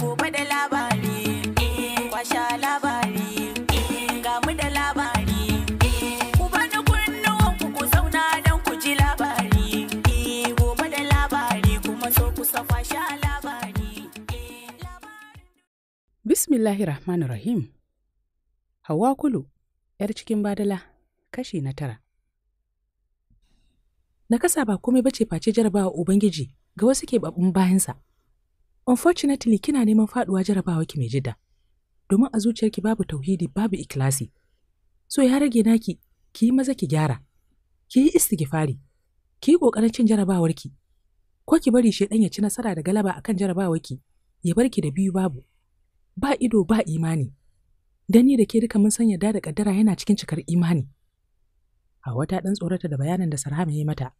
gobe da labari eh, kwasha labari eh, ga mu da labari eh, ku bani kunnuwan ku ku zauna don ku ji labari gobe da labari kuma so ku sa kwasha labari bismillahir rahmanir rahim hawa kulu yar cikin badala kashi na tara na kasa ba komai bace face jarabawa ubangiji ga wasu keɓaɓɓun bayansa Unfortunately kina neman faduwa jarabawa ki mai jidda. Domin a zuciyarki babu tauhidi babu ikilasi. So ya rage naki ki yi maza ki gyara. Ki yi istighfari. Ki yi kokarin cin jarabawarki. Ko ki bari shedan ya ci nasara da galaba akan jarabawarki ya bar ki da biyu babu. Ba ido ba imani. Dan ni da ke duka mun san yadda da kaddara yana cikin cikar imani. Hawa ta dan tsorata da bayanin da Sarhama ya mata.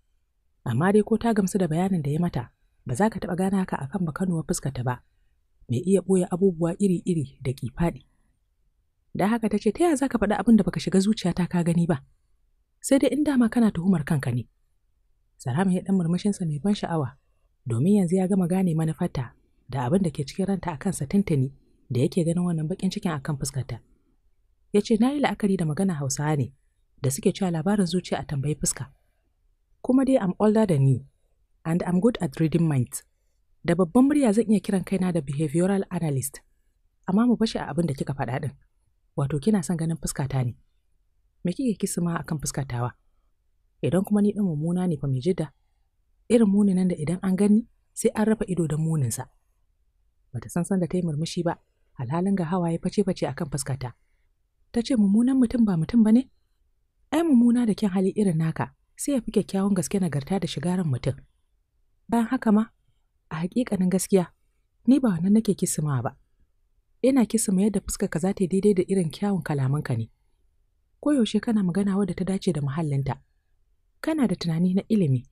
Amma dai ko ta gamsu da bayanin da ya mata, ba za ka taɓa gane haka a kan bakanuwar fuskata ba, mai iya ɓoye abubuwa iri-iri da faɗi. Da haka ta ce, ta yaya za ka faɗi abin da baka shiga zuciyata ka gani ba, sai dai in dama kana tuhumar kanka ne. Sarama ya ɗan murmushinsa mai ban sha'awa, domin yanzu ya gama gane manufarta da abin da ke cikin ranta a kansa tuntuni da yake ganin wannan baƙin cikin akan fuskarta. Ya ce, na yi la'akari da magana Hausawa ne, da suke cewa labarin zuciya a tambayi fuska. Kuma dai am older than you, and I'm good at reading minds. Da babban murya zan iya kiran kaina da behavioral analyst, amma mu bashi a abin da kika faɗa ɗin. Wato kina son ganin fuskata ne. Me kike kisima akan fuskatawa? Idan kuma ni ɗin mummuna ne fa mai jidda, irin muni nan da idan an gani sai an rafa ido da muninsa. Bata san san da ta yi murmushi ba, alhalin ga hawaye face-face akan fuskata. Ta ce mummunan mutum ba mutum ba ne? Ai mummuna da kyan hali irin naka, sai ya fi kyakkyawan gaske nagarta da shigaran mutum. Bayan haka ma, a haƙiƙanin gaskiya, ni ba wannan nake kisima ba. Ina kisima yadda fuskarka za ta daidai da irin kyawun kalamanka ne. Koyaushe kana magana wadda ta dace da muhallinta. Kana da tunani na ilimi.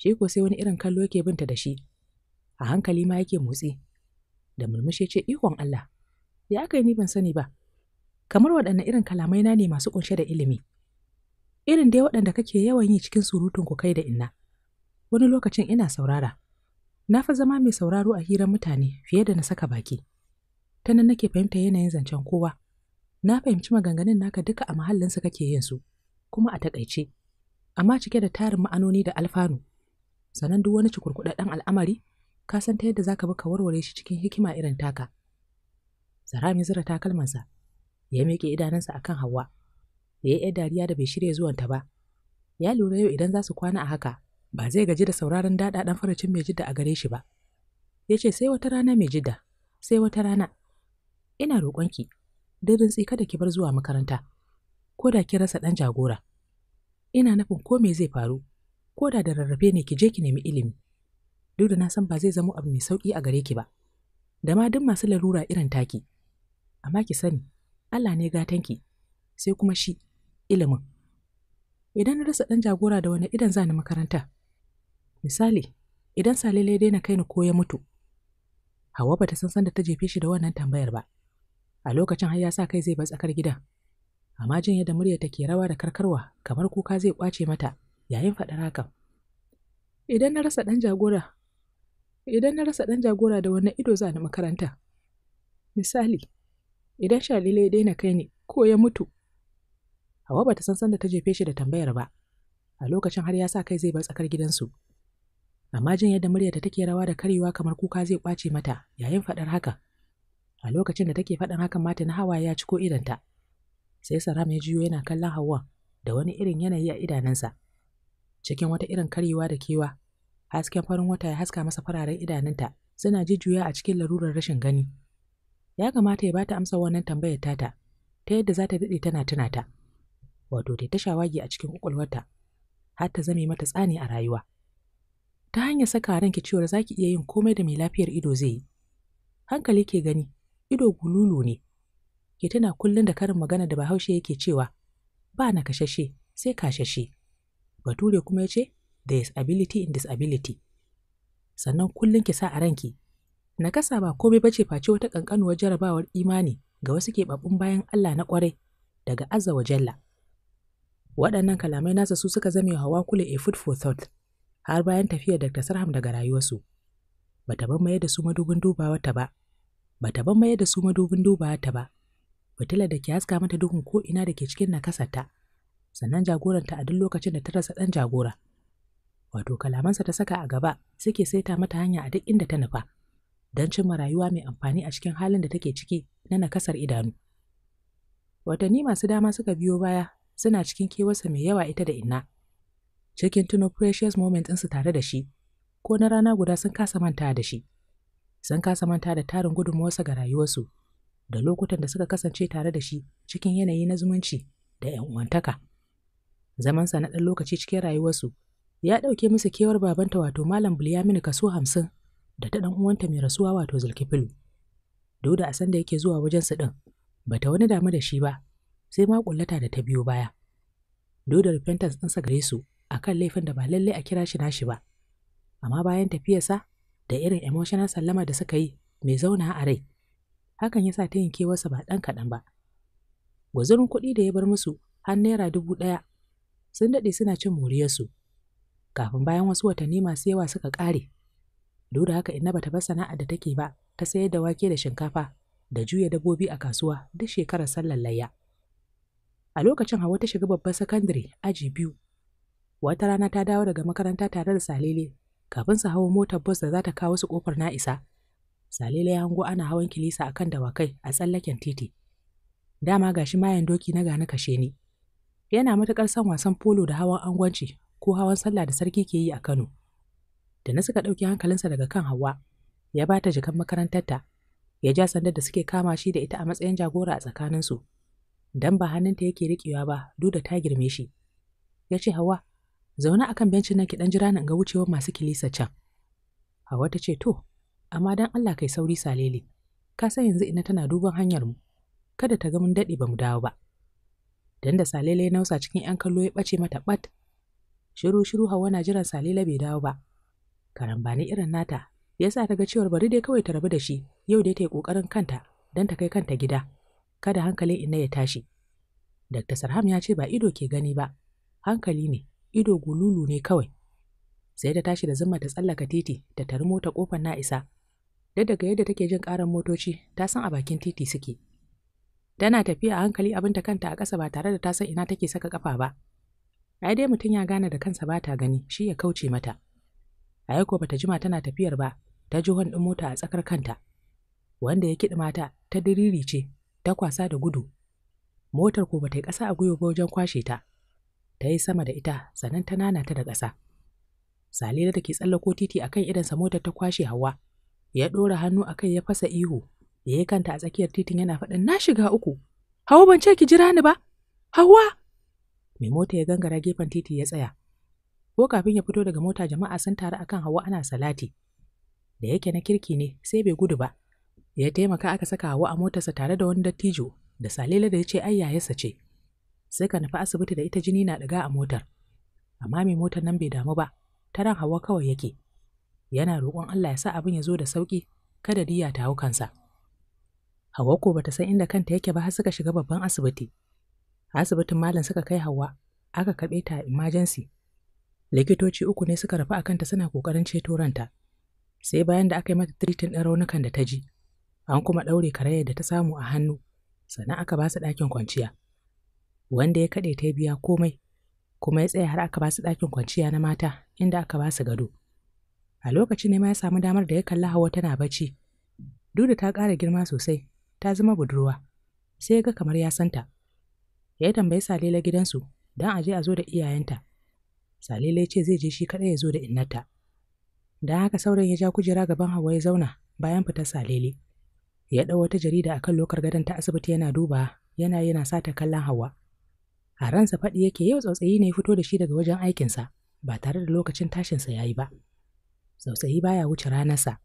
Shi ko sai wani irin kallo yake binta da shi. A hankali ma yake motsi. Da murmushi ce ikon Allah. Ya aka yi ni ban sani ba. Kamar waɗanne irin kalamai na ne masu ƙunshe da ilimi. Irin dai waɗanda kake yawan yi cikin surutun ku kai da inna. wani lokacin ina saurara. Na fi zama mai sauraro a hirar mutane fiye da na saka baki. Ta nan nake fahimta yanayin zancen kowa. Na fahimci maganganun naka duka a mahallinsu kake yin su, kuma a takaice. Amma cike da tarin ma'anoni da alfanu. Sannan duk wani cikurkuɗaɗɗen al'amari, ka san ta yadda za ka bi warware shi cikin hikima irin taka. Zarami zira takalmansa, ya miƙe idanunsa a kan Hauwa. Ya yi dariya da bai shirya zuwanta ba. Ya lura yau idan za su kwana a haka, ba zai gaji da sauraron daɗa ɗan farcin mai jidda a gare shi ba. Ya ce sai wata rana mai jidda, sai wata rana. Ina roƙonki, don rintsi kada ki bar zuwa makaranta, ko da ki rasa ɗan jagora. Ina nufin ko me zai faru, ko da da rarrafe ne ki je ki nemi ilimi. Duk da na san ba zai zama abu mai sauƙi a gare ki ba, da ma duk masu larura irin taki. Amma ki sani, Allah ne gatanki, sai kuma shi, ilimin. Idan na rasa ɗan jagora da wani idan za ni makaranta, Misali, idan Salele ya daina kai ni ko ya mutu, Hawa bata san sanda ta jefe shi da wannan tambayar ba. A lokacin har ya sa kai zai bar tsakar gidan. Amma jin yadda murya ta ke rawa da karkarwa kamar kuka zai kwace mata yayin faɗar hakan. Idan na rasa ɗan jagora, idan na rasa ɗan jagora da wannan ido za ni makaranta. Misali, idan Shalile ya daina kai ni ko ya mutu. Hawa bata san sanda ta jefe shi da tambayar ba. A lokacin har ya sa kai zai bar tsakar gidansu. amma jin yadda muryarta take rawa da karyewa kamar kuka zai kwace mata yayin faɗar haka. A lokacin da take faɗin hakan mata na hawaye ya ciko idanta. Sai Saram ya jiyo yana kallon Hauwa da wani irin yanayi a idanunsa. Cikin wata irin karyewa da kewa, hasken farin wata ya haska masa fararen idanunta suna jijjuya a cikin larurar rashin gani. Ya kamata ya bata amsa wannan tambayar tata, ta yadda za ta daɗe tana tuna ta. Wato, ta shawagi a cikin ƙwaƙwalwarta, har ta zame mata tsani a rayuwa. ta hanyar saka ranki cewar za ki iya yin komai da mai lafiyar ido zai yi. Hankali ke gani, ido gululu ne. Ke tana kullum da karin magana da bahaushe yake cewa, ba na kashashe, sai kashashe. Bature kuma ya ce, there is ability in disability. Sannan kullum ki sa a ranki, nakasa ba komai bace face wata ƙanƙanuwar jarabawar imani ga wasu keɓaɓɓun bayan Allah na ƙwarai daga Azza wa Jalla. Waɗannan kalamai nasa su suka zame hawa kula a food for thought. har bayan tafiyar Dr. Sarham daga rayuwarsu. Ba ta mayar da su madubin dubawa ta ba, ba ta mayar da su madubin dubawa ta ba, fitilar da ke haska mata duhun ko ina da ke cikin nakasarta, sannan jagoranta a duk lokacin da ta rasa ɗan jagora. Wato kalamansa ta saka a gaba suke saita mata hanya a duk inda ta nufa, don cimma rayuwa mai amfani a cikin halin da take ciki na nakasar idanu. Watanni masu dama suka biyo baya suna cikin kewarsa mai yawa ita da inna. cikin tuno precious moment ɗinsu tare da shi, ko na rana guda sun kasa manta da shi. Sun kasa manta da tarin gudunmawarsa ga rayuwarsu, da lokutan da suka kasance tare da shi cikin yanayi na zumunci da ‘yan uwantaka. Zamansa na ɗan lokaci cikin rayuwarsu ya ɗauke musu kewar babanta wato Malam Bulyamin kaso hamsin da ta ɗan uwanta mai rasuwa wato Zulkifilu. doda a sanda yake zuwa wajensu ɗin, bata wani damu da shi ba, sai ma ƙullata da ta biyo baya. da repentance ɗinsa gare su, a kan laifin da ba lallai a kira shi nashi ba. Amma bayan tafiyarsa da irin emotional sallama da suka yi mai zauna a rai, hakan ya sa ta yin kewarsa ba ɗan kaɗan ba. gwazirin kuɗi da ya bar musu har naira dubu ɗaya sun daɗe suna cin moriyarsu. Kafin bayan wasu watanni masu yawa suka ƙare, duk da haka inna bata bar sana'a da take ba ta sayar da wake da shinkafa da juya dabbobi a kasuwa duk shekarar sallar layya. A lokacin Hawa ta shiga babban sakandare aji biyu Wata rana ta dawo daga makaranta tare da Salele, kafin su hawo motar bus da za ta kawo su kofar na'isa. isa. Salele ya hango ana hawan kilisa akan dawakai a tsallaken titi. Dama gashi mayan doki na gani kashe ni. Yana matuƙar son wasan polo da hawan angwanci ko hawan sallah da sarki ke yi a Kano. Da na suka ɗauki hankalinsa daga kan hawa ya ba ta jikan makarantarta, ya ja sandar da suke kama shi da ita a matsayin jagora a tsakaninsu. Dan ba hannunta yake riƙewa ba, duk da ta girme shi. Ya ce Hauwa, zaune akan bencin nan ki dan jira nan ga wucewar masu kilisa can hawa ta ce to amma dan Allah kai sauri salele ka san yanzu ina tana duban hanyar mu kada ta ga mun dade ba mu dawo ba dan da salele ya nausa cikin yan kallo ya ɓace mata bat shiru shiru hawa na jiran salele bai dawo ba karambani irin nata yasa ta ga cewar bari dai kawai ta rabu da shi yau dai ta yi kokarin kanta dan ta kai kanta gida kada hankalin ina ya tashi Dr. Sarham ya ce ba ido ke gani ba, hankali ne, ido gululu ne kawai sai ta tashi da zuma ta tsallaka titi ta tari mota kofar na isa da daga yadda take jin karan motoci ta san a bakin titi suke tana tafiya a hankali abinta kanta a ƙasa ba tare da ta san ina take saka kafa ba ai dai mutum ya gane da kansa ba ta gani shi ya kauce mata a yako bata jima tana tafiyar ba ta ji hon ɗin mota a tsakar kanta wanda ya kiɗi mata ta diriri ce ta kwasa da gudu motar ko bata yi kasa a gwiwa ba wajen kwashe ta ta yi sama da ita sannan ta nana ta da ƙasa. Salila da ke tsallako titi a kan idansa motar ta kwashe hawa, ya ɗora hannu a kai ya fasa ihu, da ya kanta a tsakiyar titin yana faɗin na shiga uku. Hawa ban ce ki jira ni ba, hawa! Mai mota ya gangara gefen titi ya tsaya. Ko kafin ya fito daga mota jama'a sun taru akan hawa ana salati. Da yake na kirki ne sai bai gudu ba. Ya taimaka aka saka hawa a motarsa tare da wani dattijo da salila da ya ce ai ce. sai ka nufi asibiti da ita jini na ɗiga a motar. Amma mai motar nan bai damu ba, ta ran hawa kawai yake. Yana roƙon Allah ya sa abin ya zo da sauƙi, kada diya ta hau kansa. Hawa ko bata san inda kanta yake ba har suka shiga babban asibiti. Asibitin malam suka kai Hawa, aka kaɓe ta emergency. Likitoci uku ne suka rufe a kanta suna ƙoƙarin ceto ranta. Sai bayan da aka yi mata tiritin ɗin raunukan da ta ji, an kuma ɗaure karayar da ta samu a hannu, sannan aka ba su ɗakin kwanciya. wanda ya kaɗe ta biya komai kuma ya tsaya har aka ba su ɗakin kwanciya na mata inda aka ba su gado a lokacin ne ma ya samu damar da ya kalla hawa tana bacci duda ta ƙara girma sosai ta zama budurwa sai ya ga kamar ya santa ya tambayi salila gidansu don a je a zo da iyayenta salila ya ce zai je shi kaɗai ya zo da innata Don haka sauran ya ja kujera gaban hawa ya zauna bayan fitar salele ya ɗau wata jarida akan lokar gadon ta asibiti yana duba yana yana sata kallon hawa a ransa faɗi yake yau tsautsayi ne fito da shi daga wajen aikinsa ba tare da lokacin tashinsa ya yi ba tsautsayi baya wuce ranarsa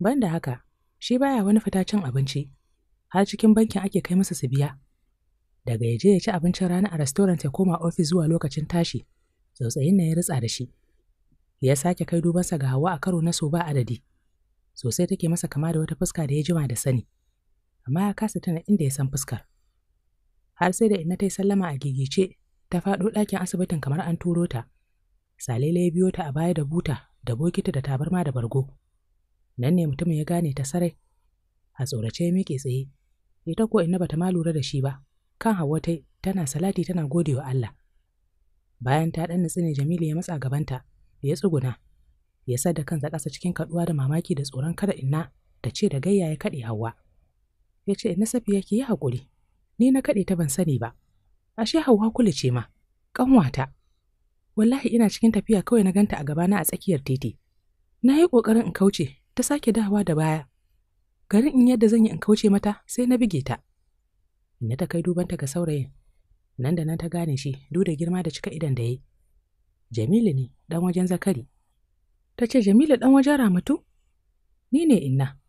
ban da haka shi baya wani fita cin abinci har cikin bankin ake kai masa su biya daga yaje ya ci abincin rana a restaurant ya koma ofis zuwa lokacin tashi tsautsayin na ya ritsa da shi ya sake kai dubansa ga hawa a karo na so ba adadi sosai take masa kama da wata fuska da ya jima da sani amma ya kasa tana inda ya san fuskar har sai da inna ta yi sallama a gigice ta faɗo ɗakin asibitin kamar an turo ta. Salele ya biyo ta a baya da buta da bokiti da tabarma da bargo. Nan ne mutumin ya gane ta sarai. A tsorace ya miƙe tsaye. Ita ko inna bata ma lura da shi ba. Kan hawa ta tana salati tana gode wa Allah. Bayan ta ɗan nutsu ne Jamilu ya matsa gabanta, ya tsuguna, ya sa da kansa ƙasa cikin kaɗuwa da mamaki da tsoron kada inna ta ce da gayya ya kaɗe hawa. Ya ce, Inna safi yake yi hakuri? ni na kaɗe ta ban sani ba ashe hauwa kula ce ma ƙanwata wallahi ina cikin tafiya kawai na ganta a gabana a tsakiyar titi na yi ƙoƙarin in kauce ta sake dawa da baya garin in yadda zan yi in kauce mata sai na bige ta na ta kai dubanta ga saurayin nan da nan ta gane shi duk da girma da cika idan da yi jamilu ne ɗan wajen zakari ta ce jamilu ɗan wajen ramatu ni ne inna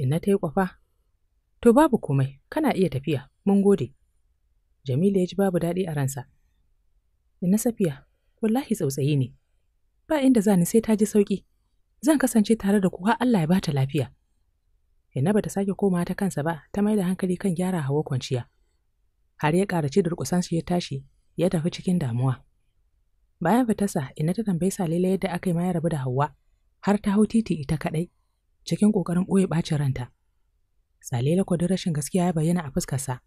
inna ta yi kwafa To babu komai, kana iya tafiya, mun gode. Jamilu ya ji babu daɗi a ransa. Ina safiya, wallahi tsautsayi ne. Ba inda zani sai ta ji sauƙi. Zan kasance tare da ku Allah ya bata lafiya. Ina bata sake koma ta kansa ba, ta mai da hankali kan gyara hawa kwanciya. Har ya ƙara da kusansu ya tashi, ya tafi cikin damuwa. Bayan fitarsa, ina ta tambayi Salila yadda aka yi ma ya rabu da Hauwa, har ta hau titi ita kaɗai, cikin ƙoƙarin ɓoye ɓacin ranta. Salele kwadin rashin gaskiya ya bayyana a fuskarsa.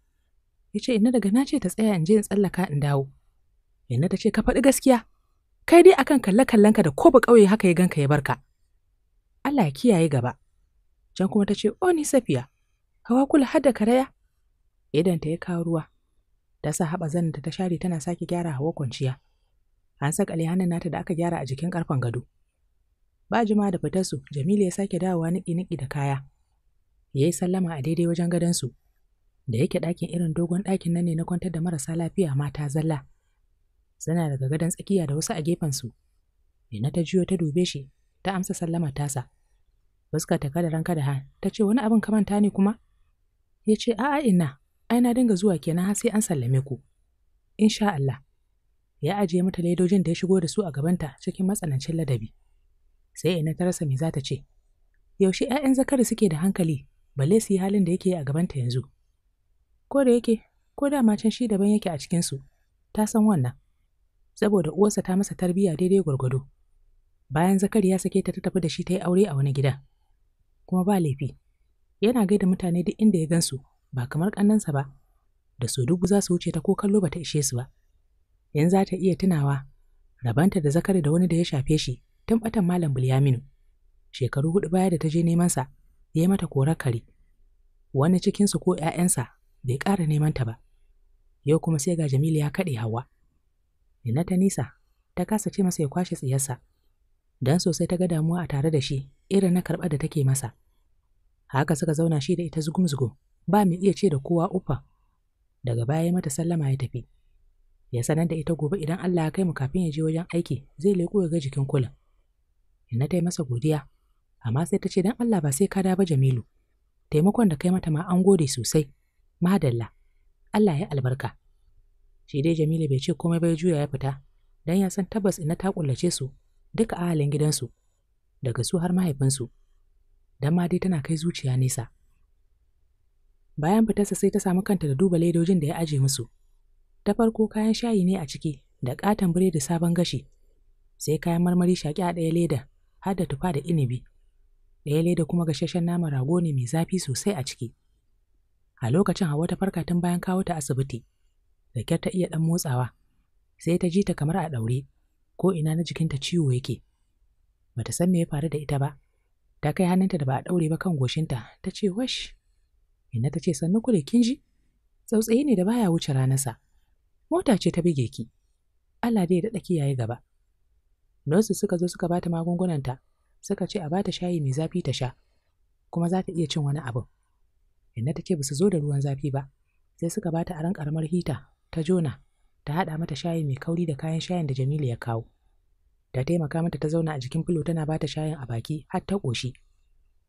Ya ce, Inna daga nace ta tsaya in je in tsallaka in dawo. Inna ta ce, Ka faɗi gaskiya. Kai dai akan kalle-kallenka da ko ba ƙauye haka ya ganka ya barka. Allah ya kiyaye gaba. Jan kuma ta ce, O ni safiya, hawa kula har da karaya. Idan ta ya kawo ruwa. Ta sa haɓa zan ta share tana sake gyara hawa kwanciya. An saka hannun nata da aka gyara a jikin ƙarfen gado. Ba jima da fitarsu, Jamilu ya sake dawowa niki-niki da kaya. ya yi sallama a daidai wajen gadonsu, da yake ɗakin irin dogon ɗakin nan ne na kwantar da marasa lafiya mata zalla. Suna daga gadon tsakiya da wasu a gefensu. Ina ta juyo ta dube shi, ta amsa sallama tasa. Fuska ta kada ranka da ha, ta ce wani abin kamanta ne kuma? Ya ce a'a ina, ai na dinga zuwa kenan har sai an sallame ku. Insha Allah. Ya ajiye mata ledojin da ya shigo da su a gabanta cikin matsanancin ladabi. Sai ina ta rasa me za ta ce. Yaushe 'ya'yan zakari suke da hankali balle su yi halin da yake a gabanta yanzu. Ko da yake, ko da can shi daban yake a cikinsu, ta san wannan, saboda uwarsa ta masa tarbiyya daidai gwargwado. Bayan Zakari ya sake ta ta tafi da shi ta yi aure a wani gida, kuma ba laifi, yana gaida mutane duk inda ya gansu, ba kamar ƙannansa ba, da su dubu za su wuce ta ko kallo ba ta ishe su ba. Yanzu za ta iya tunawa, rabanta da Zakari da wani da ya shafe shi tun batan Malam Bulyaminu. shekaru hudu baya da ta je neman sa ya yi mata korar kare wani cikinsu ko ‘ya'yansa bai ƙara neman ta ba yau kuma sai ga jamilu ya kaɗe hawa ina ta nisa ta kasa ce masa ya kwashe tsiyarsa dan sosai ta ga damuwa a tare da shi irin na karɓar da take masa haka suka zauna shi da ita zugum-zugum ba mai iya ce da kowa ufa daga baya ya mata sallama ya tafi ya sanar da ita gobe idan Allah ya kai mu kafin ya je wajen aiki zai leƙo ya ga jikin kulan. ina ta yi masa godiya, amma sai ta ce dan Allah ba sai ka da ba Jamilu. Taimakon da kai mata ma an gode sosai, madalla, Allah ya albarka. Shi dai Jamilu bai ce komai bai juya ya fita, dan ya san tabbas ina ta kullace su duka ahalin gidansu, daga su har mahaifinsu, Dan ma dai tana kai zuciya nesa. Bayan fitarsa sai ta samu kanta da duba ledojin da ya aje musu. Ta farko kayan shayi ne a ciki da katon biredi sabon gashi, sai kayan marmari shaki a ɗaya leda har da tufa da inibi. ɗaya da kuma gasasshen nama rago ne mai zafi sosai a ciki. A lokacin Hauwa ta farka tun bayan kawo ta asibiti, da ta iya ɗan motsawa, sai ta ji ta kamar a ɗaure, ko ina na jikinta ciwo yake. ta san me ya faru da ita ba, ta kai hannunta da ba a ɗaure ba kan goshinta, ta ce wash. ina ta ce sannu kure kin ji? Tsautsayi ne da baya wuce ranarsa. Mota ce ta bige ki. Allah dai ya daɗa kiyaye gaba. Nurses suka zo suka bata magungunanta, suka ce a bata shayi mai zafi ta sha kuma za ta iya cin wani abin inna ta ce ba su zo da ruwan zafi ba sai suka bata aran karamar hita ta jona ta haɗa mata shayi mai kauri da kayan shayin da Jamilu ya kawo ta taimaka mata ta zauna a jikin filo tana bata shayin a baki har ta ƙoshi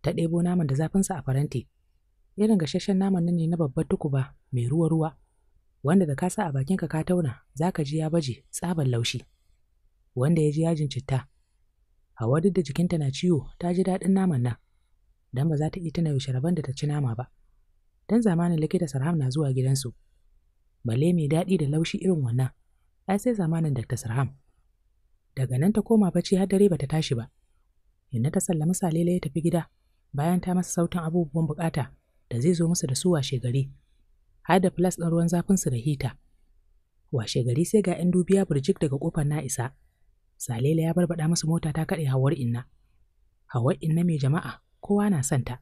ta ɗebo naman da zafinsa a faranti irin gasasshen naman nan ne na babbar tukuba mai ruwa-ruwa wanda da kasa a bakinka ka tauna za ka ji ya baje tsaban laushi wanda ya ji yajin citta Hawa duk da jikinta na ciwo ta ji daɗin naman nan, don ba za ta iya tuna yaushe rabon da ta ci nama ba. Dan zamanin likita Sarham na zuwa gidansu. Balle mai daɗi da laushi irin wannan, ai sai zamanin da ta Sarham. Daga nan ta koma bacci har dare bata tashi ba. Inna ta sallami Salele ya tafi gida, bayan ta masa sautin abubuwan bukata da zai zo musu da su washe gari. Har da filas ɗin ruwan zafinsu da hita. Washe gari sai ga 'yan dubiya burjik daga kofar na isa. Salela ya barbaɗa masa mota ta kaɗe hawar inna. Hawar inna mai jama'a, kowa na son ta.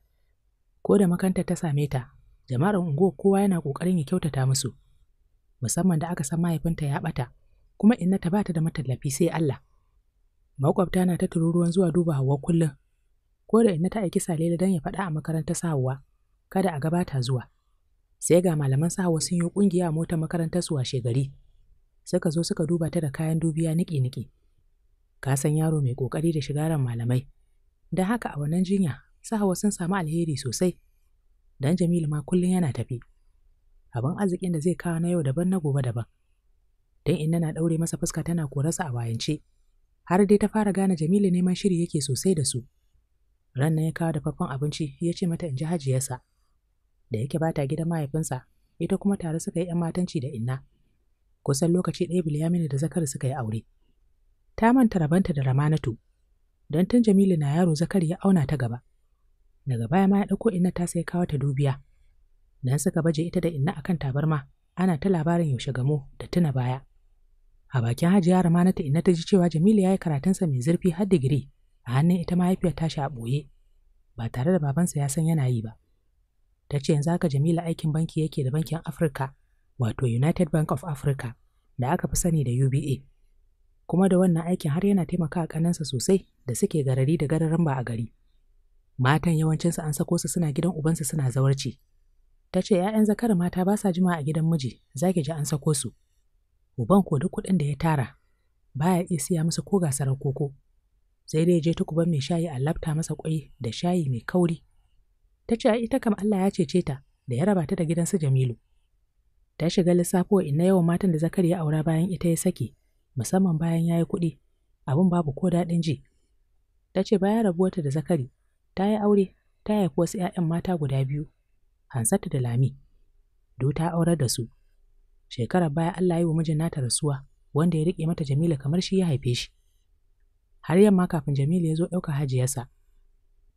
Ko da makanta ta same ta, jama'ar unguwa, kowa yana ƙoƙarin ya kyautata musu. Musamman da aka san mahaifinta ya ɓata, kuma inna ta bata da matallafi sai Allah. Maƙwabta na ta tururuwan zuwa duba Hauwa kullum. Ko da inna ta aiki Salela don ya faɗa a makarantar Hauwa, kada a gabata zuwa. Sai ga malaman Hauwa sun yi ƙungiya a motar makarantar suwa shegari. Suka zo suka duba ta da kayan dubiya niki-niki. ka san yaro mai ƙoƙari da shigaran malamai. Don haka a wannan jinya, hawa sun samu alheri sosai. Dan Jamilu ma kullum yana tafi. Abin arzikin da zai kawo na yau daban na gobe daban. Dan inna na ɗaure masa fuska tana korarsa a wayance. Har dai ta fara gane Jamilu neman shiri yake sosai da su. Ran nan ya kawo dafaffen abinci ya ce mata in ji hajiyarsa. Da yake bata gidan mahaifinsa, ita kuma tare suka yi ‘yan matanci da inna. Kusan lokaci ɗaya Bilyaminu da Zakari suka yi aure. ta manta rabanta da Ramanatu, don tun Jamilu na yaro Zakari ya auna ta gaba. Daga baya ma ya ɗauko inna ta sai kawo ta dubiya. Nan suka baje ita da inna akan tabarma, ana ta labarin yaushe gamo da tuna baya. A bakin hajiya Ramanatu inna ta ji cewa Jamilu ya yi karatunsa mai zurfi har digiri a hannun ita mahaifiyar tashi a ɓoye, ba tare da babansa ya san yana yi ba. Ta ce yanzu haka Jamilu aikin banki yake da bankin Afirka, wato United Bank of Africa, da aka fi sani da UBA. kuma da wannan aikin har yana taimaka a ƙanansa sosai da suke garari da gararin ba a gari. Matan yawancinsu an sako su suna gidan ubansu suna zawarci. Ta ce ‘ya'yan zakar mata ba sa jima a gidan miji, za ki ji an sako su. Uban ko duk kuɗin da ya tara, baya iya siya masa ko gasar koko. Sai dai je tukuban mai shayi a labta masa ƙwai da shayi mai kauri. Ta ce ita kam Allah ya cece ta da ya raba ta da gidansu Jamilu. Ta shiga lissafo inna yawan matan da Zakari ya aura bayan ita ya sake, musamman bayan ya yi kuɗi, abin babu ko daɗin ji. Ta ce bayan rabuwarta da Zakari, ta yi aure, ta haifi wasu ‘ya'yan mata guda biyu, Hansata da Lami. Do ta aurar da su. Shekarar baya Allah yi wa mijin nata rasuwa, wanda ya riƙe mata Jamila kamar shi ya haife shi. Har yamma kafin Jamila ya zo ɗauka hajiyarsa.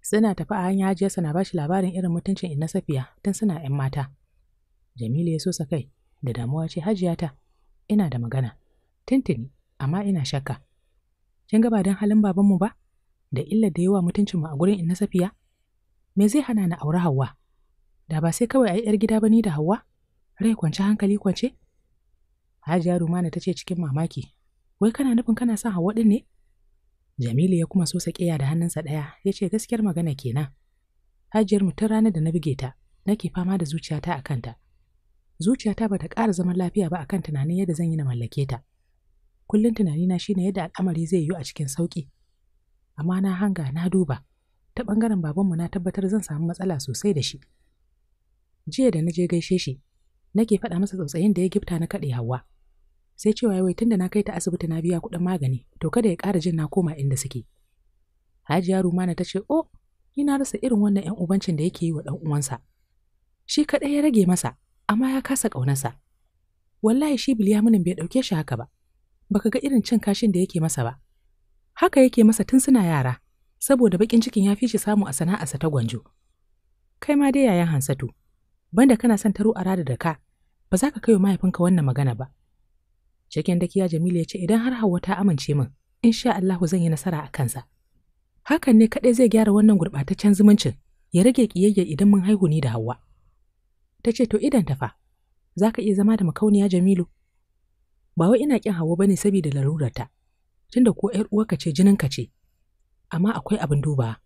Suna tafi a hanya hajiyarsa na bashi labarin irin mutuncin Inna Safiya tun suna ‘yan mata. Jamila ya so sa kai da damuwa ce hajiyata, ina da magana. tintini, amma ina shakka kin ga ba don halin babanmu ba da illa da yawa mutuncinmu a gurin inna safiya me zai hana na aure hawa da ba sai kawai a yi 'yar gida ba ni da hawa rai kwance hankali kwance hajiya rumana ta ce cikin mamaki wai kana nufin kana son hawa ɗin ne jamilu ya kuma so ya da hannunsa ɗaya ya ce gaskiyar magana kenan hajiyar mu tun ranar da na buge ta nake fama da zuciyata a kanta zuciyata ba ta ƙara zaman lafiya ba akan tunanin yadda zan yi na mallake ta kullum tunani na shine yadda al'amari zai yiwu a cikin sauƙi amma na hanga na duba ta ɓangaren babanmu na tabbatar zan samu matsala sosai da shi jiya da na je gaishe shi nake faɗa masa tsautsayin da ya gifta na kaɗe hawa sai cewa yawai tunda na kai ta asibiti na biya kuɗin magani to kada ya ƙara jin na koma inda suke hajiya rumana ta ce o, oh, ina rasa irin wannan yan ubancin da yake yi wa ɗan uwansa shi kaɗai ya rage masa amma ya kasa ƙaunarsa wallahi shi munin bai ɗauke shi haka ba baka ga irin cin kashin da yake masa ba. Haka yake masa tun suna yara, saboda baƙin cikin ya fi shi samu a sana'arsa ta gwanjo. Kai ma dai yayan Hansatu, banda kana son taro a rada da ka, ba za ka kaiwa mahaifinka wannan magana ba. Cikin dakiya Jamilu ya ce idan har Hauwa ta amince min, in sha Allahu zan yi nasara a kansa. Hakan ne kaɗai zai gyara wannan gurɓataccen zumuncin, ya rage ƙiyayya idan mun haihu ni da Hauwa. Ta ce to idan ta fa, za ka iya zama da makauniya Jamilu, ba wai ina kin hawa bane saboda ta tunda ko ƴar uwarka ce ka ce amma akwai abin dubawa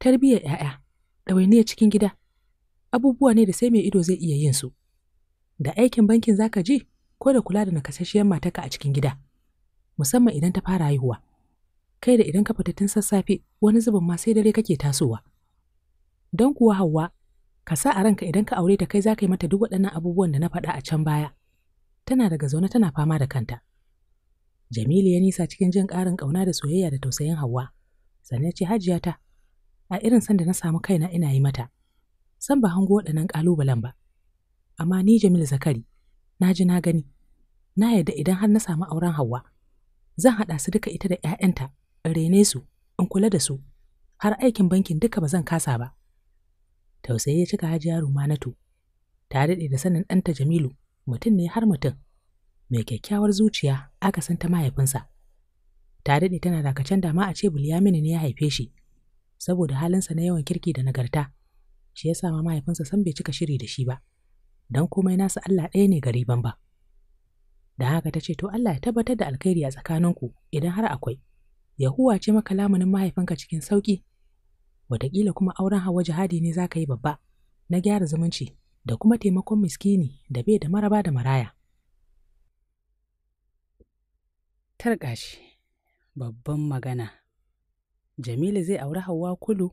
tarbiyyar ƴaƴa ɗawainiyar cikin gida abubuwa ne da sai mai ido zai iya yin su da aikin bankin zaka je ko da kula da nakasasshiyar ka a cikin gida musamman idan ta fara haihuwa kai da idan ka fita tun sassafe wani zubin ma sai dare kake tasowa don kuwa hawa ka sa a ranka idan ka aure ta kai zaka yi mata duk waɗannan abubuwan da na faɗa a can baya tana daga zaune tana fama da kanta. Jamilu ya nisa cikin jin ƙarin ƙauna da soyayya da tausayin Hauwa, sannan ce hajiya ta, a irin san da na samu kaina ina yi mata, san ba hango waɗannan ƙalubalen ba. Amma ni Jamilu Zakari, na ji na gani, na yarda idan har na samu auren Hauwa, zan haɗa su duka ita da ‘ya'yanta, in rene su, in kula da su, har aikin bankin duka ba zan kasa ba. Tausayi ya cika hajiya Rumanatu, ta daɗe da sanin ɗanta Jamilu, mutum ne har mutum mai kyakkyawar zuciya aka san ta mahaifinsa ta daɗe tana dakacin dama a ce bulyamini ne ya haife shi saboda halinsa na yawan kirki da nagarta shi ya ma mahaifinsa san bai cika shiri da shi ba don komai nasu Allah ɗaya ne gari ban ba da haka ta ce to Allah ya tabbatar da alkhairi a tsakaninku idan har akwai Yahuwa ce maka lamunin mahaifinka cikin sauƙi. wataƙila kuma auren hawa jihadi ne za ka yi babba na gyara zumunci da kuma taimakon miskini da bai da maraba da maraya. Tarƙashi, babban magana, Jamilu zai auri Hauwa Kulu,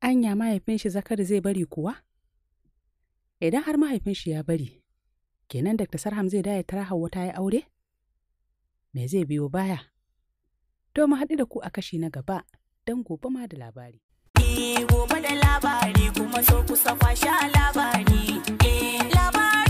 anya mahaifin shi Zakari zai bari kuwa? Idan har mahaifin shi ya bari, kenan Dr. Sarham zai daya tara Hauwa ta yi aure? Me zai biyo baya? To mu haɗu da ku a kashi na gaba don gobe ma da labari. labari gobe da labari kuma so kusa kwashe labari eh, labari